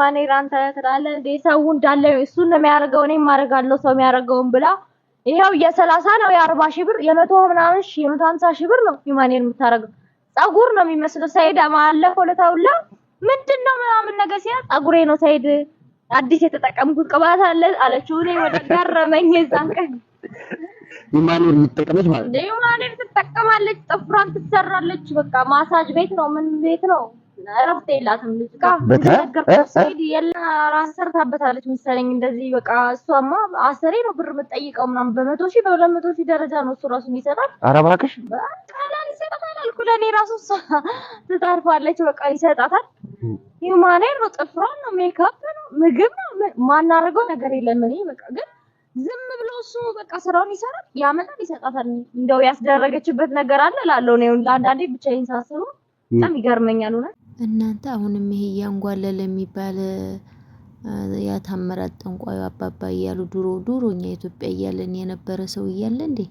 ማኔራ አንተ ትላለህ እንዴ? ሰው እንዳለ እሱ ነው የሚያደርገው፣ እኔ ማደርጋለሁ ሰው የሚያደርገውን ብላ ይኸው የሰላሳ ነው የአርባ ሺህ ብር የመቶ ምናምን ሺህ የመቶ ሀምሳ ሺህ ብር ነው ሂማኔር የምታደርገው። ፀጉር ነው የሚመስለው ሰይድ ማለፈው ለታውላ ምንድን ነው ምናምን ነገር ሲያ ፀጉሬ ነው ሰይድ አዲስ የተጠቀምኩት ቅባት አለ አለችው። እኔ ወደ ገረመኝ የዛን ቀን ሂማኔር እየተጠቀመች ማለት ነው። ሂማኔር ትጠቀማለች፣ ጥፍሯን ትሰራለች። በቃ ማሳጅ ቤት ነው ምን ቤት ነው እረፍት የላትም ልጅ ራስ ሰርታበታለች መሰለኝ። እንደዚህ በቃ እሷማ አስሬ ነው ብር የምትጠይቀው ምናምን በመቶ ሺህ በሁለት መቶ ሺህ ደረጃ ነው እሱ ራሱ ይሰጣል። ኧረ እባክሽ ቀላል ይሰጣታል አልኩ ለእኔ ራሱ በቃ ይሰጣታል። ነው፣ ጥፍሯን ነው፣ ሜካፕ ነው፣ ምግብ ነው። ማናደርገው ነገር የለም። እኔ በቃ ግን ዝም ብሎ እሱ በቃ ስራውን ይሰራል፣ ያመጣል፣ ይሰጣታል። እንደው ያስደረገችበት ነገር አለ ላለው ነው። ለአንዳንዴ ብቻዬን ሳስበው በጣም ይገርመኛል እውነት እናንተ አሁንም ይሄ እያንጓለለ የሚባል ያታምራት ጠንቋዩ አባባ እያሉ ድሮ ድሮ እኛ ኢትዮጵያ እያለን የነበረ ሰው እያለ እንዴ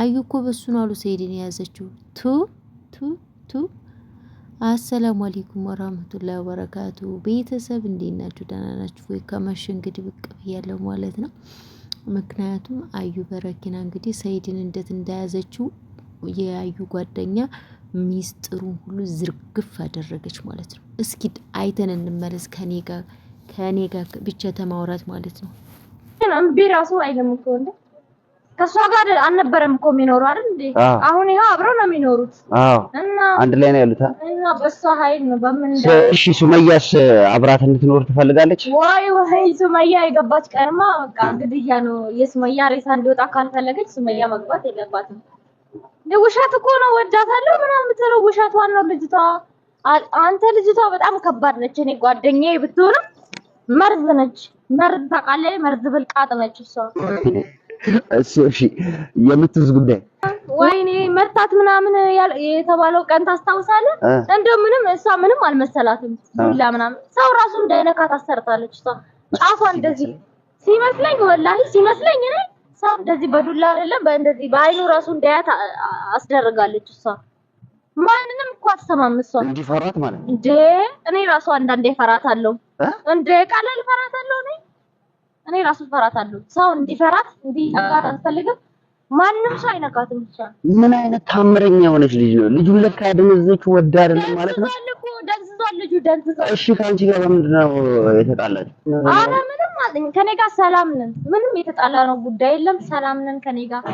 አዩ እኮ በሱ ነው አሉ ሰይድን የያዘችው። ቱ ቱ ቱ። አሰላሙ አለይኩም ወራህመቱላሂ ወበረካቱ። ቤተሰብ እንዴት ናችሁ? ደህና ናችሁ ወይ? ከመሸ እንግዲህ ብቅ ብያለሁ ማለት ነው። ምክንያቱም አዩ በረኪና እንግዲህ ሰይድን እንዴት እንደያዘችው የአዩ ጓደኛ ሚስጥሩ ሁሉ ዝርግፍ አደረገች ማለት ነው። እስኪ አይተን እንመለስ። ከኔ ጋር ከኔ ጋር ብቻ ተማውራት ማለት ነው። እምቢ ራሱ አይልም እኮ እንዴ! ከእሷ ጋር አልነበረም እኮ የሚኖሩ አይደል እንዴ? አሁን ይኸው አብረው ነው የሚኖሩት። አዎ፣ አንድ ላይ ነው ያሉት። እና በእሷ ኃይል ነው በምን። እሺ፣ ሱመያስ አብራት እንድትኖር ትፈልጋለች ዋይ ወይ ሱመያ የገባች ቀርማ በቃ ግድያ ነው። የሱመያ ሬሳ እንዲወጣ ካልፈለገች ሱመያ መግባት የለባትም። ውሸት እኮ ነው። ወዳታለሁ ምናምን የምትለው ውሸት ዋናው ልጅቷ አንተ ልጅቷ በጣም ከባድ ነች። እኔ ጓደኛዬ ብትሆንም መርዝ ነች። መርዝ ታውቃለህ? መርዝ ብልቃጥ ነች እሷ። እሺ እሺ፣ የምትዝ ጉዳይ ወይኔ መርታት ምናምን የተባለው ቀን ታስታውሳለህ? እንደው ምንም እሷ ምንም አልመሰላትም። ሁላ ምናምን ሰው ራሱ እንዳይነካ ታሰርታለች እሷ ጫፏ እንደዚህ ሲመስለኝ፣ ወላሂ ሲመስለኝ እኔ ሀሳብ እንደዚህ በዱላ አይደለም፣ በእንደዚህ በአይኑ ራሱ እንዲያያት አስደርጋለች። እሷ ማንንም እኮ አትሰማም። እሷ እንዲፈራት ማለት እንዴ? እኔ ራሱ አንዳንዴ እፈራታለሁ እንዴ! ቀላል እፈራታለሁ እኔ እኔ ራሱ እፈራታለሁ። ሰው እንዲፈራት እንዲህ አትፈልግም ማንም ሰው አይነካትም። ብቻ ምን አይነት ታምረኛ የሆነች ልጅ ነው። ልጁን ለካ ያደነዘች ወዳ አይደለም ማለት ነው። ደንዝዟል፣ ልጁ ደንዝዟል። እሺ፣ ከአንቺ ጋር በምንድን ነው የተጣላች? ኧረ ምንም አለኝ። ከኔ ጋር ሰላም ነን። ምንም የተጣላ ነው ጉዳይ የለም። ሰላም ነን። ከኔ ጋር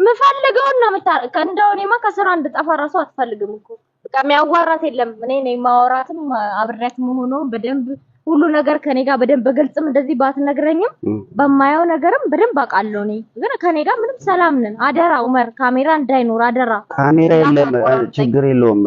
የምፈልገውን ነው የምታረቅ። እንደው እኔማ ከስራ እንድጠፋ እራሱ አትፈልግም እኮ በቃ የሚያዋራት የለም። እኔ ነኝ ማወራትም አብሬያት መሆኑን በደንብ ሁሉ ነገር ከኔ ጋር በደንብ በግልጽም እንደዚህ ባትነግረኝም በማየው ነገርም በደንብ አውቃለሁ። እኔ ግን ከኔ ጋር ምንም ሰላም ነን። አደራ ዑመር፣ ካሜራ እንዳይኖር አደራ። ካሜራ የለም፣ ችግር የለውም።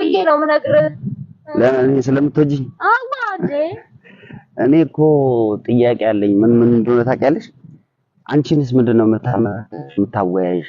ብዬ ነው ምነግር ለምን ስለምትወጂኝ። እኔ እኮ ጥያቄ አለኝ። ምን ምን እንደሆነ ታውቂያለሽ? አንቺንስ ምንድን ነው የምታወያይሽ?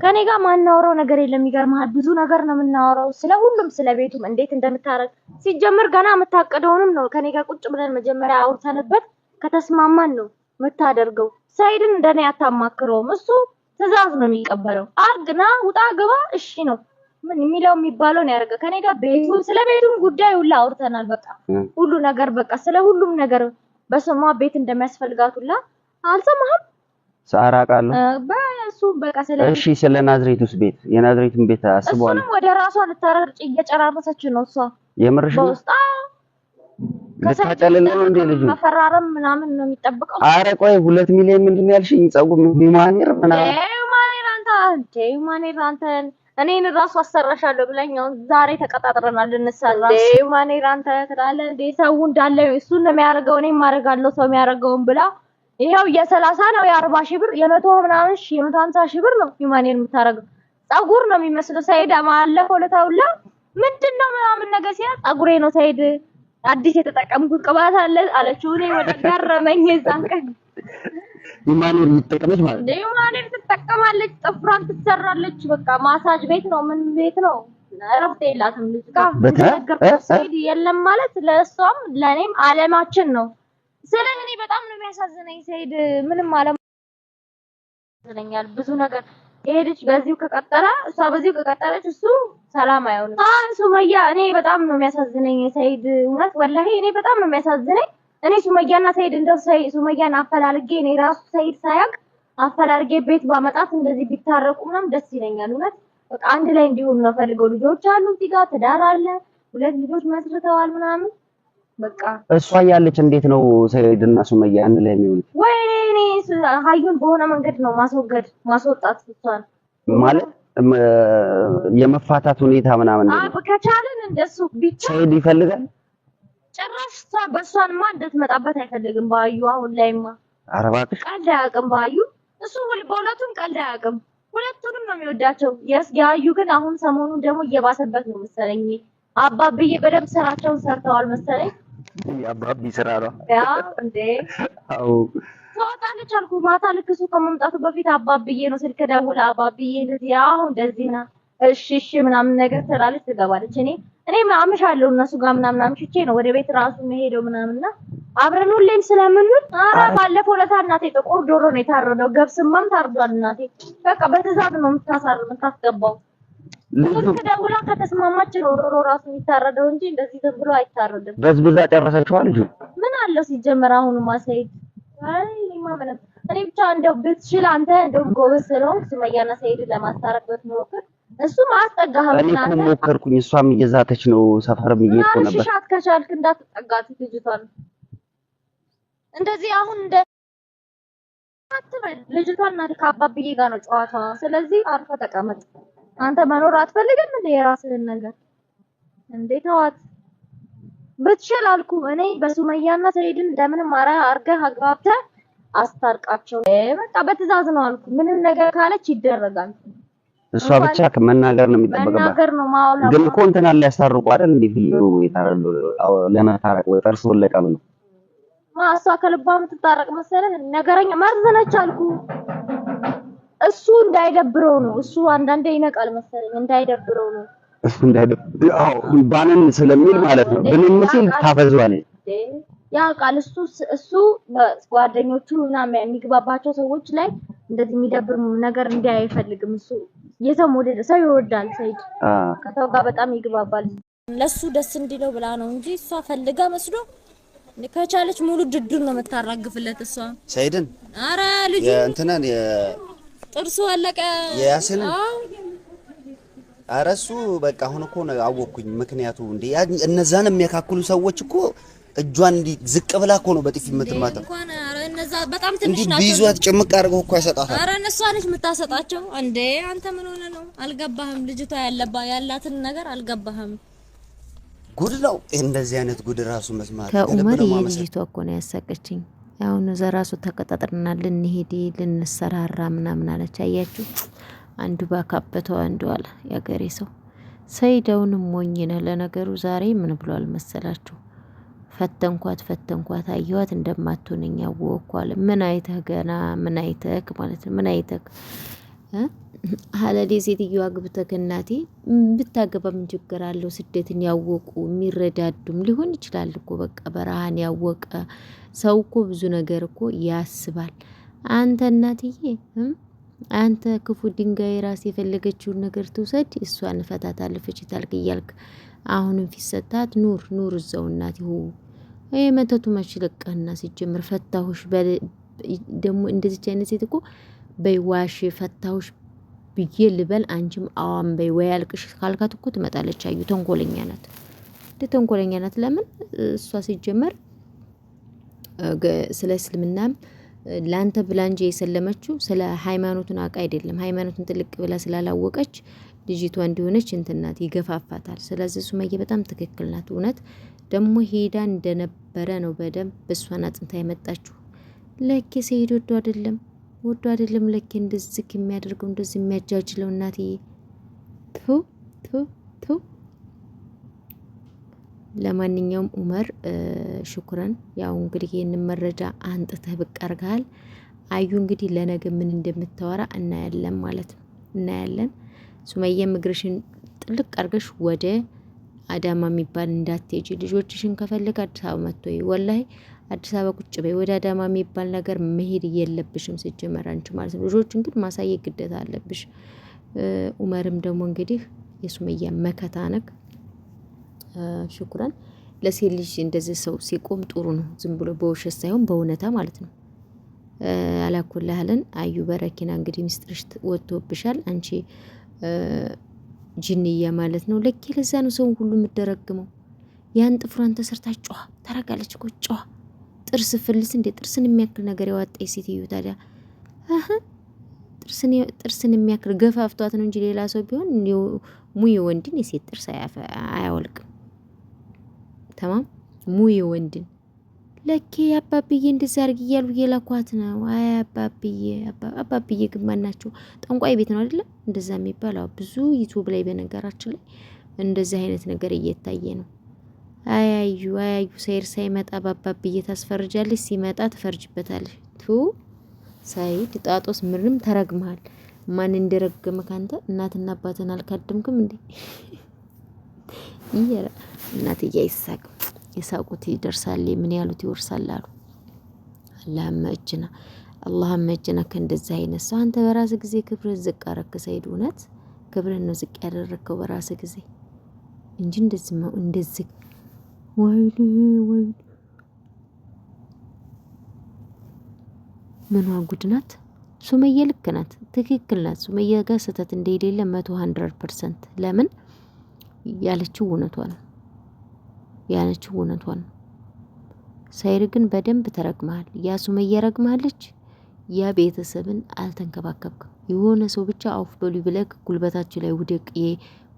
ከኔ ጋር ማናወራው ነገር የለም። ይገርምሃል፣ ብዙ ነገር ነው የምናወራው፣ ስለ ሁሉም፣ ስለ ቤቱም እንዴት እንደምታረግ ሲጀምር ገና የምታቀደውንም ነው። ከኔ ጋር ቁጭ ብለን መጀመሪያ አውርተንበት ከተስማማን ነው የምታደርገው። ሰይድን እንደኔ አታማክረውም። እሱ ትዕዛዝ ነው የሚቀበለው። አርግና ውጣ ግባ፣ እሺ ነው ምን የሚለው የሚባለው ነው ያደርገ። ከኔ ጋር ቤቱ ስለ ቤቱም ጉዳይ ሁላ አውርተናል። በቃ ሁሉ ነገር በቃ ስለ ሁሉም ነገር በስሟ ቤት እንደሚያስፈልጋት ሁላ አልሰማህም ሳራ ቃል በሱ በቃ ስለ እሺ፣ ስለ ናዝሬቱስ ቤት የናዝሬቱን ቤት አስቧል። እሱንም ወደ ራሷ ልታረጭ እየጨራረሰች ነው እሷ የምርሽ ነው። ልታጨልል ነው እንዴ ልጁ? መፈራረም ምናምን ነው የሚጠብቀው። አረ ቆይ ሁለት ሚሊዮን ምንድን ነው ያልሽኝ? ጸጉር ቢማኔር ምናምን ቢማኔር አንተ አንተ ቢማኔር አንተ እኔን ራሱ አሰራሻለሁ ብለኛው ዛሬ ተቀጣጥረናል። ልንሰራ ቢማኔር አንተ ትላለህ እንዴ? ሰው እንዳለ እሱ ነው የሚያደርገው እኔ ማደርጋለሁ ሰው የሚያደርገውን ብላ ይኸው የሰላሳ ነው የአርባ ሺህ ብር የመቶ ምናምን ሺህ የመቶ ሀምሳ ሺህ ብር ነው ዩማኔር የምታደርገው። ፀጉር ነው የሚመስለው ሰይድ ማለፈው ለታውላ ምንድን ነው ምናምን ነገር ሲያ ፀጉሬ ነው ሰይድ አዲስ የተጠቀምኩት ቅባት አለ አለችው። እኔ ወደ ገረመኝ የዛን ቀን ዩማኔር ትጠቀመች ማለት ነው። ዩማኔር ትጠቀማለች፣ ጥፍሯን ትሰራለች። በቃ ማሳጅ ቤት ነው ምን ቤት ነው እረፍት የላትም ልጅ ጋር ነገር ሰይድ የለም ማለት ለእሷም ለእኔም አለማችን ነው። ስለ እኔ በጣም ነው የሚያሳዝነኝ። ሰይድ ምንም አለ ያሳዝነኛል ብዙ ነገር ሄድች በዚሁ ከቀጠረ እሷ በዚሁ ከቀጠረች እሱ ሰላም አይሆንም። አይ ሱመያ እኔ በጣም ነው የሚያሳዝነኝ ሰይድ እውነት ወላሂ እኔ በጣም ነው የሚያሳዝነኝ። እኔ ሱመያና ሰይድ እንደው ሱመያን አፈላልጌ እኔ ራሱ ሰይድ ሳያውቅ አፈላልጌ ቤት ባመጣት እንደዚህ ቢታረቁ ምናምን ደስ ይለኛል እውነት። በቃ አንድ ላይ እንዲሆኑ ነው ፈልገው። ልጆች አሉ እዚህ ጋር ትዳር አለ፣ ሁለት ልጆች መስርተዋል ምናምን እሷ ያለች እንዴት ነው ሰይድና ሱመያ አንድ ላይ የሚሆኑት? ወይኔ ሀዩን በሆነ መንገድ ነው ማስወገድ ማስወጣት እሷን ማለት የመፋታት ሁኔታ ምናምን ነው። ከቻለን እንደሱ ብቻ ሰይድ ይፈልጋል። ጭራሽ እሷ በእሷንማ መጣበት አይፈልግም። ባዩ አሁን ላይማ ኧረ ቀልድ አያውቅም ባዩ። እሱ በሁለቱም ቀልድ አያውቅም። ሁለቱንም ነው የሚወዳቸው። ያዩ ግን አሁን ሰሞኑን ደግሞ እየባሰበት ነው መሰለኝ። አባብዬ በደንብ ስራቸውን ሰርተዋል መሰለኝ የአባቢ ስራ ነው እንዴ? ትወጣለች አልኩህ። ማታ ልክ እሱ ከመምጣቱ በፊት አባብዬ ነው ስልክ ደውላ አባብዬ እንደዚህ አሁ እንደዚህ ና እሺ እሺ ምናምን ነገር ትላለች፣ ትገባለች። እኔ እኔ አምሻለሁ እነሱ ጋር ምናምን አምሽቼ ነው ወደ ቤት ራሱ መሄደው ምናምንና አብረን ሁሌም ስለምንል ኧረ ባለፈው ለታ እናቴ ጥቁር ዶሮ ነው የታረደው፣ ገብስማም ታርዷል እናቴ። በቃ በትዕዛዝ ነው የምታሳር የምታስገባው ስልክ ደውላ ከተስማማች ነው ዶሮ ራሱ የሚታረደው እንጂ እንደዚህ ዝም ብሎ አይታረድም። በዝብዛ ጨረሰችዋል። ልጁ ምን አለው ሲጀመር? አሁኑ ማሳየት አይ እኔ ብቻ እንደው ብትችል አንተ እንደው ጎበዝ ስለሆንክ ሱመያና ሰይድን ለማስታረቅ ብትሞክር እሱም አስጠጋህ። እኔ ሞከርኩኝ፣ እሷም እየዛተች ነው፣ ሰፈርም እየሄድኩ ነበር። ሽሻት ከቻልክ እንዳትጠጋት ልጅቷን እንደዚህ አሁን እንደ አትበል ልጅቷን። እናትህ ከአባብዬ ጋር ነው ጨዋታዋ። ስለዚህ አርፈህ ተቀመጥ። አንተ መኖር አትፈልግም እንዴ? የራስህን ነገር እንዴ ተዋት። ብትችል አልኩ እኔ በሱመያና ሰይድን እንደምንም አራ አርገህ አግባብተህ አስታርቃቸው። በቃ በትዕዛዝ ነው አልኩ። ምንም ነገር ካለች ይደረጋል። እሷ ብቻ መናገር ነው የሚጠበቅባት። ግን እኮ እንትና ሊያስታርቁ አይደል እንዴ? ቪዲዮ ይታረሉ ለመታረቅ ወይ ጥርስ ወለቀ ብሎ እሷ ከልቧ የምትታረቅ መሰለህ? ነገረኛ መርዝ ነች አልኩ እሱ እንዳይደብረው ነው። እሱ አንዳንዴ ይነቃል መሰለኝ እንዳይደብረው ነው። እሱ እንዳይደብረው አዎ፣ ባንን ስለሚል ማለት ነው። ብንን ሲል ታፈዟለች። ያ ቃል እሱ እሱ ጓደኞቹ ምናምን የሚግባባቸው ሰዎች ላይ እንደዚህ የሚደብር ነገር እንዲያ አይፈልግም። እሱ የሰው መውደድ ሰው ይወዳል። ሰይድ ከሰው ጋር በጣም ይግባባል። ለሱ ደስ እንዲለው ብላ ነው እንጂ እሷ ፈልጋ መስሎ ከቻለች ሙሉ ድዱን ነው የምታራግፍለት እሷ ሰይድን። ኧረ ልጅ እንትናን ጥርሱ አለቀ። ያስን ኧረ እሱ በቃ አሁን እኮ ነው አወቅኩኝ። ምክንያቱ እንዴ እነዛን የሚያካክሉ ሰዎች እኮ እጇን እንዲህ ዝቅ ብላ እኮ ነው በጥፊ የምትማታው። በጣም ትንሽ ናቸው። ቢይዟት ጭምቅ አድርገው እኮ ያሰጣታል። አረ እሷ ነች የምታሰጣቸው። እንዴ አንተ ምን ሆነ ነው? አልገባህም? ልጅቷ ያለባ ያላትን ነገር አልገባህም? ጉድ ነው እንደዚህ አይነት ጉድ ራሱ መስማት ከኡመር የልጅቷ እኮ ነው ያሳቀችኝ። ያሁኑ ዘራሱ ተቀጣጥርና ልንሄድ ልንሰራራ ምናምን አለች። አያችሁ አንዱ ባካበተው አንዱ አለ የአገሬ ሰው። ሰይደውን ሞኝ ለነገሩ ዛሬ ምን ብሏል መሰላችሁ? ፈተንኳት ፈተንኳት አየዋት እንደማትሆነኝ ያወቅኳል። ምን አይተህ ገና ምን አይተህ ማለት ነው ምን አይተህ ሀለሌ ሴትዮዋ አግብተህ እናቴ ብታገባ ምን ችግር አለው? ስደትን ያወቁ የሚረዳዱም ሊሆን ይችላል እኮ በቃ በረሃን ያወቀ ሰው እኮ ብዙ ነገር እኮ ያስባል። አንተ እናትዬ አንተ ክፉ ድንጋይ ራስ የፈለገችውን ነገር ትውሰድ፣ እሷን ፈታት አለፈች ታልክ እያልክ አሁንም ፊት ሰታት ኑር ኑር እዛው እናት ይሁ መተቱ መች ለቀህና ሲጀምር ፈታሁሽ። ደግሞ እንደዚች አይነት ሴት እኮ በይዋሽ ፈታሁሽ ብዬ ልበል አንቺም አዋም በይ ወይ አልቅሽ ካልካት እኮ ትመጣለች። አዩ ተንኮለኛ ናት፣ እንደ ተንኮለኛ ናት። ለምን እሷ ሲጀመር ስለ እስልምና ለአንተ ብላ እንጂ የሰለመችው ስለ ሃይማኖቱን አውቃ አይደለም። ሃይማኖትን ጥልቅ ብላ ስላላወቀች ልጅቷ እንዲሆነች እንትናት ይገፋፋታል። ስለዚህ ሱመዬ በጣም ትክክል ናት። እውነት ደግሞ ሄዳ እንደነበረ ነው በደንብ እሷን አጥንታ የመጣችሁ። ለኬ ሰኢድ ወዶ አይደለም ወዶ አይደለም ለኬ እንደዚህ የሚያደርገው እንደዚህ የሚያጃጅለው እናትዬ ቱ ቱ ቱ ለማንኛውም ኡመር ሽኩረን፣ ያው እንግዲህ ይህንን መረጃ አንጥተህ ብቅ አድርገሃል። አዩ እንግዲህ ለነገ ምን እንደምታወራ እናያለን ማለት ነው፣ እናያለን። ሱመየም ምግርሽን ጥልቅ አድርገሽ ወደ አዳማ የሚባል እንዳትሄጂ፣ ልጆችሽን ከፈልግ አዲስ አበባ መጥቶ ወላሂ አዲስ አበባ ቁጭ በይ። ወደ አዳማ የሚባል ነገር መሄድ የለብሽም ስጀመር አንቺ ማለት ነው። ልጆችን ግን ማሳየት ግዴታ አለብሽ። ኡመርም ደግሞ እንግዲህ የሱመያ መከታ ነክ ሽኩረን ለሴት ልጅ እንደዚህ ሰው ሲቆም ጥሩ ነው። ዝም ብሎ በውሸት ሳይሆን በእውነታ ማለት ነው። አላኩላህልን አዩ በረኪና እንግዲህ ሚስጥርሽ ወጥቶብሻል። አንቺ ጅንያ ማለት ነው። ለኬ ለዛ ነው ሰውን ሁሉ የምደረግመው። ያን ጥፍሯን ተሰርታ ጨዋ ታረጋለች እኮ ጨዋ ጥርስ ፍልስ እንዴ! ጥርስን የሚያክል ነገር ያዋጣ ሴትዮ ታዲያ ጥርስን የሚያክል ገፋፍቷት ነው እንጂ ሌላ ሰው ቢሆን ሙይ ወንድን የሴት ጥርስ አያወልቅም። ተማም ሙዬ ወንድን ለኬ አባብዬ እንደዛ አርግ እያሉ እየላኳት ነው። አይ አባብዬ አባብዬ ግን ማናቸው ጠንቋይ ቤት ነው አይደለም እንደዛ የሚባለው ብዙ ዩቱብ ላይ በነገራችን ላይ እንደዚህ አይነት ነገር እየታየ ነው። አያዩ አያዩ ሰይር ሳይመጣ ባባብዬ ታስፈርጃለች፣ ሲመጣ ትፈርጅበታለች። ቱ ሳይድ ጣጦስ ምንም ተረግመሃል። ማን እንደረገመ ካንተ እናትና አባትን አልካድምክም እንዴ? እናትዬ አይሳቅም። የሳቁት ይደርሳል፣ ምን ያሉት ይወርሳል አሉ። አላህም እጅና አላህም እጅና ከእንደዚህ አይነት ሰው አንተ በራስ ጊዜ ክብርህ ዝቅ አረክ። ሰይድ እውነት ክብርህን ነው ዝቅ ያደረከው በራስህ ጊዜ እንጂ እንደዚህ ነው እንደዚህ ወይኔ ወይኔ ምኗ ጉድ ናት ሱመያ። ልክ ናት፣ ትክክል ናት ሱመያ ጋር ስህተት እንደሌለ መቶ ሀንድረድ ፐርሰንት ለምን ያለችው እውነቷን ነው ያለችው እውነቷ ነው። ግን በደንብ ተረግመሃል። ያ ሱመያ ያ ቤተሰብን አልተንከባከብክም። የሆነ ሰው ብቻ አውፍ በሉ ብለህ ጉልበታችሁ ላይ ውደቅ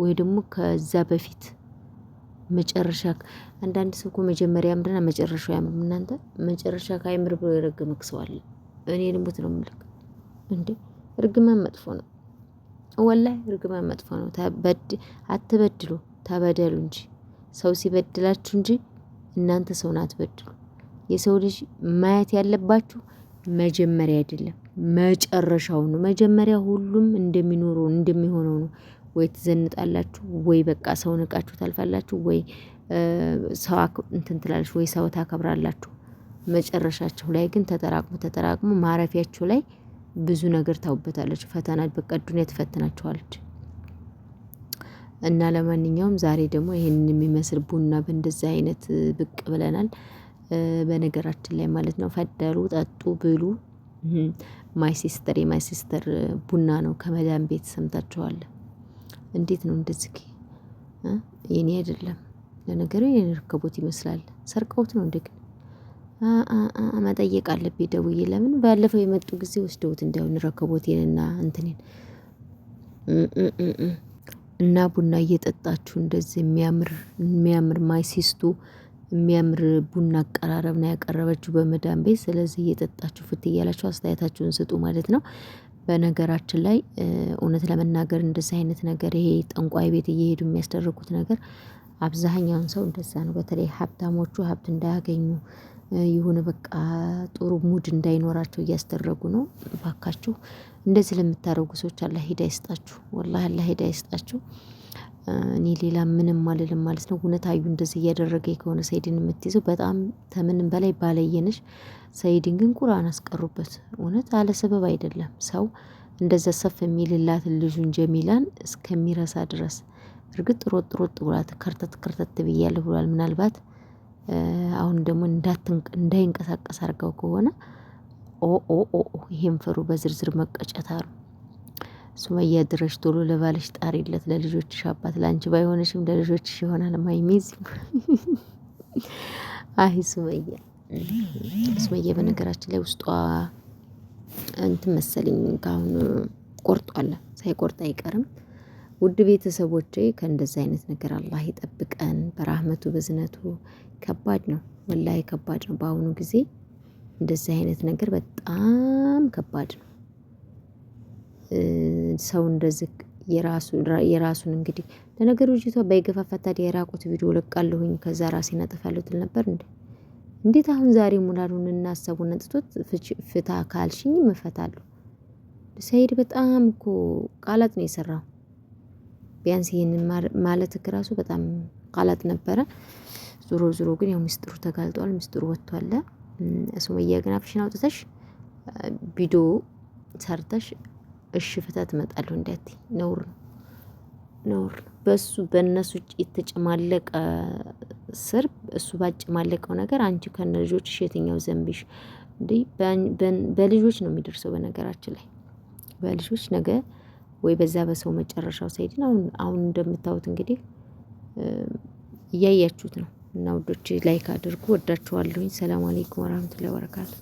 ወይ ደግሞ ከዛ በፊት መጨረሻ አንዳንድ ሰው እኮ መጀመሪያ ያምርና መጨረሻው ያምርም። እናንተ መጨረሻ ካይምር ብሎ የረገመክ ሰው አለ። እኔ ልሙት ነው ምልክ እንዴ! እርግማን መጥፎ ነው። ወላሂ እርግማን መጥፎ ነው። አትበድሉ፣ ተበደሉ እንጂ ሰው ሲበድላችሁ እንጂ እናንተ ሰውን አትበድሉ። የሰው ልጅ ማየት ያለባችሁ መጀመሪያ አይደለም መጨረሻው ነው። መጀመሪያ ሁሉም እንደሚኖረው እንደሚሆነው ነው። ወይ ትዘንጣላችሁ፣ ወይ በቃ ሰው ንቃችሁ ታልፋላችሁ፣ ወይ ሰው እንትን ትላለች፣ ወይ ሰው ታከብራላችሁ። መጨረሻችሁ ላይ ግን ተጠራቅሞ ተጠራቅሞ ማረፊያችሁ ላይ ብዙ ነገር ታውበታለች። ፈተና በቃ ዱንያ እና ለማንኛውም ዛሬ ደግሞ ይሄንን የሚመስል ቡና በእንደዚህ አይነት ብቅ ብለናል። በነገራችን ላይ ማለት ነው ፈደሉ፣ ጠጡ፣ ብሉ። ማይ ሲስተር የማይ ሲስተር ቡና ነው ከመዳን ቤት ሰምታችኋል። እንዴት ነው እንደዚህ? የኔ አይደለም ለነገሩ የኔ ርከቦት ይመስላል። ሰርቀውት ነው እንደግ መጠየቅ አለብኝ ደውዬ ለምን ባለፈው የመጡ ጊዜ ወስደውት እንዳይሆን ረከቦቴንና እንትኔን እና ቡና እየጠጣችሁ እንደዚህ የሚያምር የሚያምር ማይሲስቱ የሚያምር ቡና አቀራረብ ነው ያቀረበችው በመዳን ቤት። ስለዚህ እየጠጣችሁ ፍት እያላችሁ አስተያየታችሁን ስጡ ማለት ነው። በነገራችን ላይ እውነት ለመናገር እንደዚህ አይነት ነገር ይሄ ጠንቋይ ቤት እየሄዱ የሚያስደርጉት ነገር አብዛኛውን ሰው እንደዛ ነው። በተለይ ሀብታሞቹ ሀብት እንዳያገኙ የሆነ በቃ ጥሩ ሙድ እንዳይኖራቸው እያስደረጉ ነው። ባካችሁ እንደዚህ ለምታደርጉ ሰዎች አላህ ሂዳ ይስጣችሁ ወላሂ አላህ ሂዳ ይስጣችሁ። እኔ ሌላ ምንም አልልም ማለት ነው። እውነት አዩ እንደዚህ እያደረገ ከሆነ ሰይድን የምትይዘው በጣም ተምንም በላይ ባለየ ሰይድን ግን ቁርአን አስቀሩበት እውነት አለ ሰበብ አይደለም ሰው እንደዛ ሰፍ የሚልላትን ልጁን ጀሚላን እስከሚረሳ ድረስ። እርግጥ ሮጥ ሮጥ ብሏት ከርተት ከርተት ብያለሁ ብሏል ምናልባት አሁን ደግሞ እንዳይንቀሳቀስ አድርገው ከሆነ ኦ ኦ ኦ ይሄን ፍሩ በዝርዝር መቀጨት አሉ። ሱመያ ድረሽ ቶሎ ለባልሽ ጣሪለት ለልጆችሽ አባት ለአንቺ ባይሆንሽም ለልጆችሽ ይሆናል። ማይሚዝ አይ ሱመያ ሱመያ በነገራችን ላይ ውስጧ እንትን መሰለኝ ካሁን ቆርጧል። ሳይቆርጥ አይቀርም። ውድ ቤተሰቦቼ ከእንደዚህ አይነት ነገር አላህ ይጠብቀን በራህመቱ በዝነቱ። ከባድ ነው ወላሂ ከባድ ነው። በአሁኑ ጊዜ እንደዚህ አይነት ነገር በጣም ከባድ ነው። ሰው እንደዚህ የራሱን እንግዲህ ለነገሩ ልጅቷ በይገፋፋት ታዲያ የራቁት ቪዲዮ ለቃለሁኝ ከዛ ራሴን አጠፋለሁ ትል ነበር እንዴ? እንዴት አሁን ዛሬ ሙላሉን እናሰቡን ነጥቶት ፍታ ካልሽኝ እፈታለሁ። ሰይድ በጣም እኮ ቃላት ነው የሰራው። ቢያንስ ይህን ማለት እራሱ በጣም ቃላት ነበረ። ዞሮ ዞሮ ግን ያው ሚስጥሩ ተጋልጧል። ሚስጥሩ ወጥቷል። ሱመያ ግን አፍሽን አውጥተሽ ቪዲዮ ሰርተሽ እሺ ፍታ ትመጣለሁ እንዳት ነውር ነው ነውር በሱ በእነሱ የተጨማለቀ ስር እሱ ባጨማለቀው ነገር አንቺ ከነ ልጆችሽ የትኛው ዘንብሽ እንዲህ በልጆች ነው የሚደርሰው። በነገራችን ላይ በልጆች ነገር ወይ በዛ በሰው መጨረሻው ሰይድን አሁን አሁን እንደምታዩት እንግዲህ እያያችሁት ነው እና ውዶች ላይክ አድርጉ። ወዳችኋለሁኝ። ሰላም አሌይኩም ወራህመቱላሂ ወበረካቱ